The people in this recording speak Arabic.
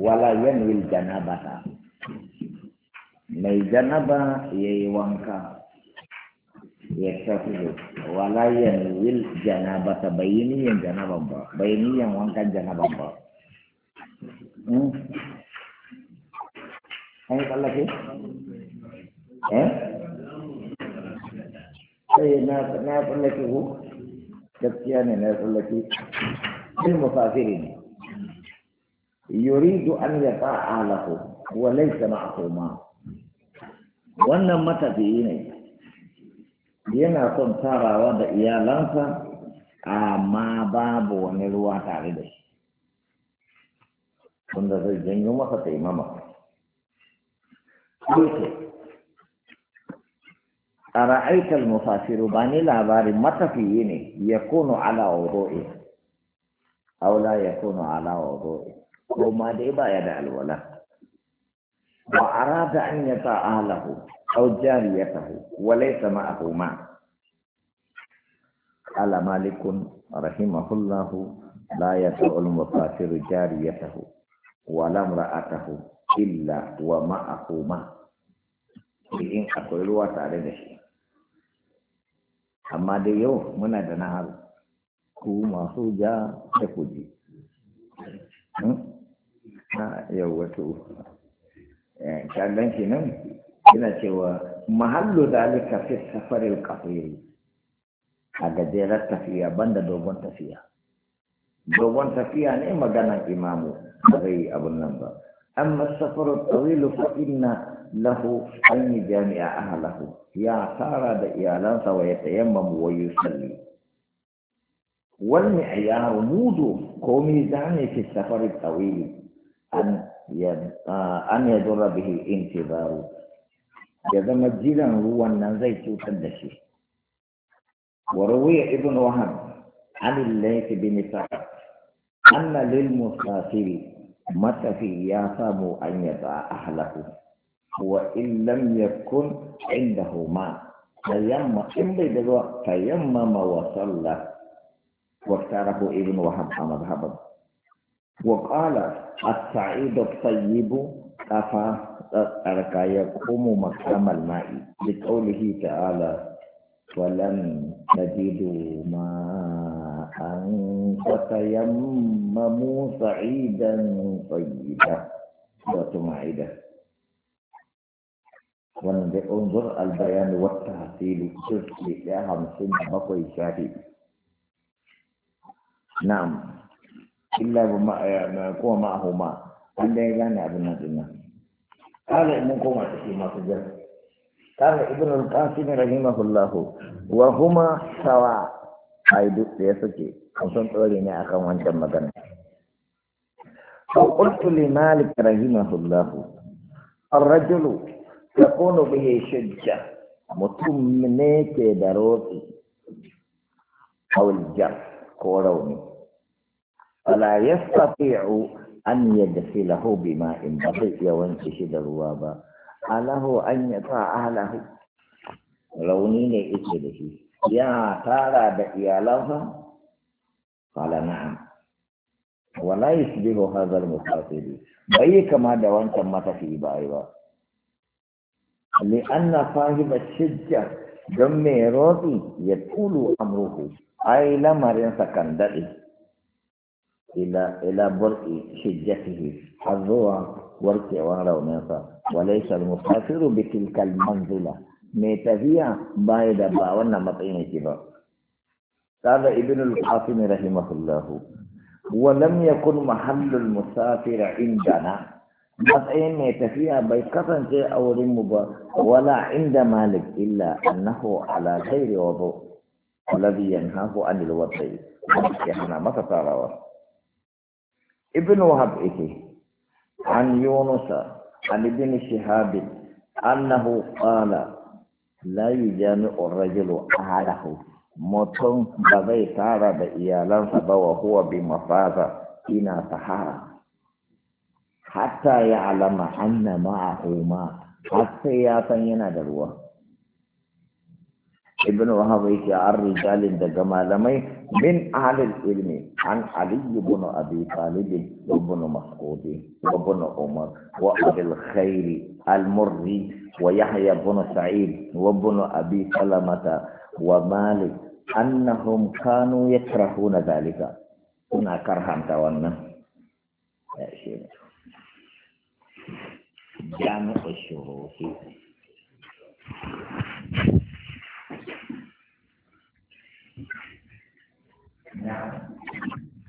wala yanwil janabata mai janaba ya yi wanka ya tafi wala yanwil janabata bai yi janaban ba bai wankan janaban ba hmm? an yi tsallake? Eh? sai na tsallake ku gaskiya ne na tsallake ilmu safiri ne يريد أن يطاع له وليس معصوما وأنا متى بإيني ينا ترى سارا يا إيالانسا أما باب ونلوا تاريدي كون ذا زي ماما أرأيت المفاسر باني لابار متى يكون على وضوئه أو لا يكون على وضوئه Kuma dai baya da alwala wa arada an yata ahlahu aw jariyatahu wa laysa ma'ahu ma ala malikun rahimahullahu la yata'ul musafiru jariyatahu wa la imra'atahu illa wa ma'ahu in akwai ruwa tare da shi amma dai yau muna da nahar ku masu ja da kuji hmm? ha yawwato kagan kenan yana cewa mahallu zalika fi safaril qasiri a gajerar tafiya banda dogon tafiya dogon tafiya ne maganan imamu ba zai yi abun nan ba amma safaru tawilu fa inna lahu an yi jami'a ahlahu ya tara da iyalansa wa ya tayammamu wa yusalli wal mi'yar mudu ko mizani fi safari tawili أن يضر آه، به انتظاره intizaru ya هو jiran ruwan nan وروي ابن وهب عن الليث بن سعد أن للمسافر متى في ياسم أن يضع أهله وإن لم يكن عنده ماء تيمم إن بيدوا تيمم وصلى واختاره ابن وهب مذهبا وقال السعيد الطيب أفا أرك يقوم مقام الماء لقوله تعالى ولن تجدوا ماء فتيمموا سعيدا طيبا سورة مائدة وانظر البيان والتحصيل شرط لها مسلم بقي شاهد نعم illa ba eh, ma kuma ma huma an dai gane abin nan din nan kala mun koma cikin masu jar kala ibn al-qasim rahimahullah wa huma sawa ai duk da suke sun tsore ne akan wancan magana fa qultu li malik rahimahullah ar-rajul yakunu bihi shajja mutum ne ke da rotsi ko rauni فلا يستطيع أن يدخله بماء بطيء وانتشد الوابا أله أن يطاع أهله لو نيني إتده يا تارى بأي لها قال نعم ولا يسبب هذا المخاطر بيك ما دوانت متى في بايوا لأن صاحب الشجة جمع روضي يطول أمره أي لم أرين سكندري ila ila burki shijjatihi har zuwa warkewa rauninsa walaisa al-musafiru bikin tilka manzila mai tafiya baya da ba wannan matsayin yake ba قال ابن القاسم رحمه الله ولم يكن محل المسافر عندنا matsayin mai tafiya bai kasance a mu ba wala inda malik illa annahu ala ghairi wadu alladhi yanhahu anil wadai ya hana masa tarawa ibn wahab yake an yunusa an ibn shihab annahu qala la yujami'u ar-rajulu ahlahu mutum ba zai tara da iyalansa ba wa huwa bi mafaza ina tahara hatta ya alama anna ma'ahu ma har sai ya san yana da ruwa ابن وهب يكي عن رجال دق من أهل العلم عن علي بن أبي طالب وابن مسعود وابن عمر وأبي الخير المري ويحيى بن سعيد وابن أبي سلمة ومالك أنهم كانوا يكرهون ذلك هنا كرهان تولنا جامع الشروط